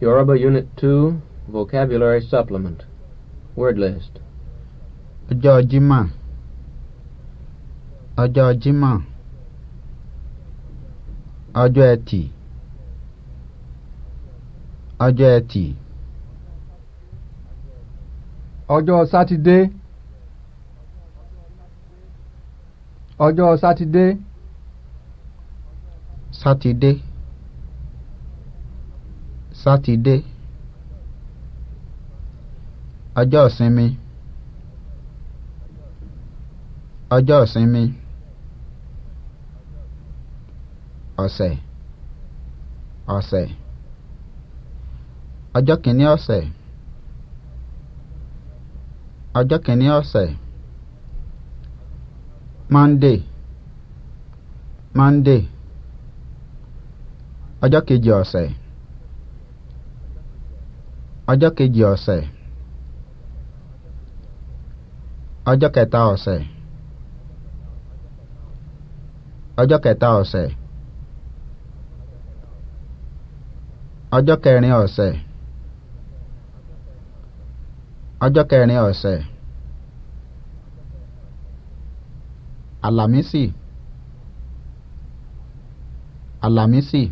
Yoruba Unit 2, Vocabulary Supplement. Word list. Ọjọ́ Jímọ̀. Ọjọ́ Jímọ̀. Ọjọ́ Saturday. Ọjọ́ Saturday. Saturday. sátidé ọjọ́ ìsinmi ọjọ́ ìsinmi ọ̀sẹ̀ ọ̀sẹ̀ ọjọ́ kìíní ọ̀sẹ̀ ọjọ́ kìíní ọ̀sẹ̀ monday monday ọjọ́ kejì ọ̀sẹ̀ ọjọ́ kejì ọ̀sẹ̀ ọjọ́ kẹta ọ̀sẹ̀ ọjọ́ kẹta ọ̀sẹ̀ ọjọ́ kẹrin ọ̀sẹ̀ ọjọ́ kẹrin ọ̀sẹ̀ àlàmísì àlàmísì.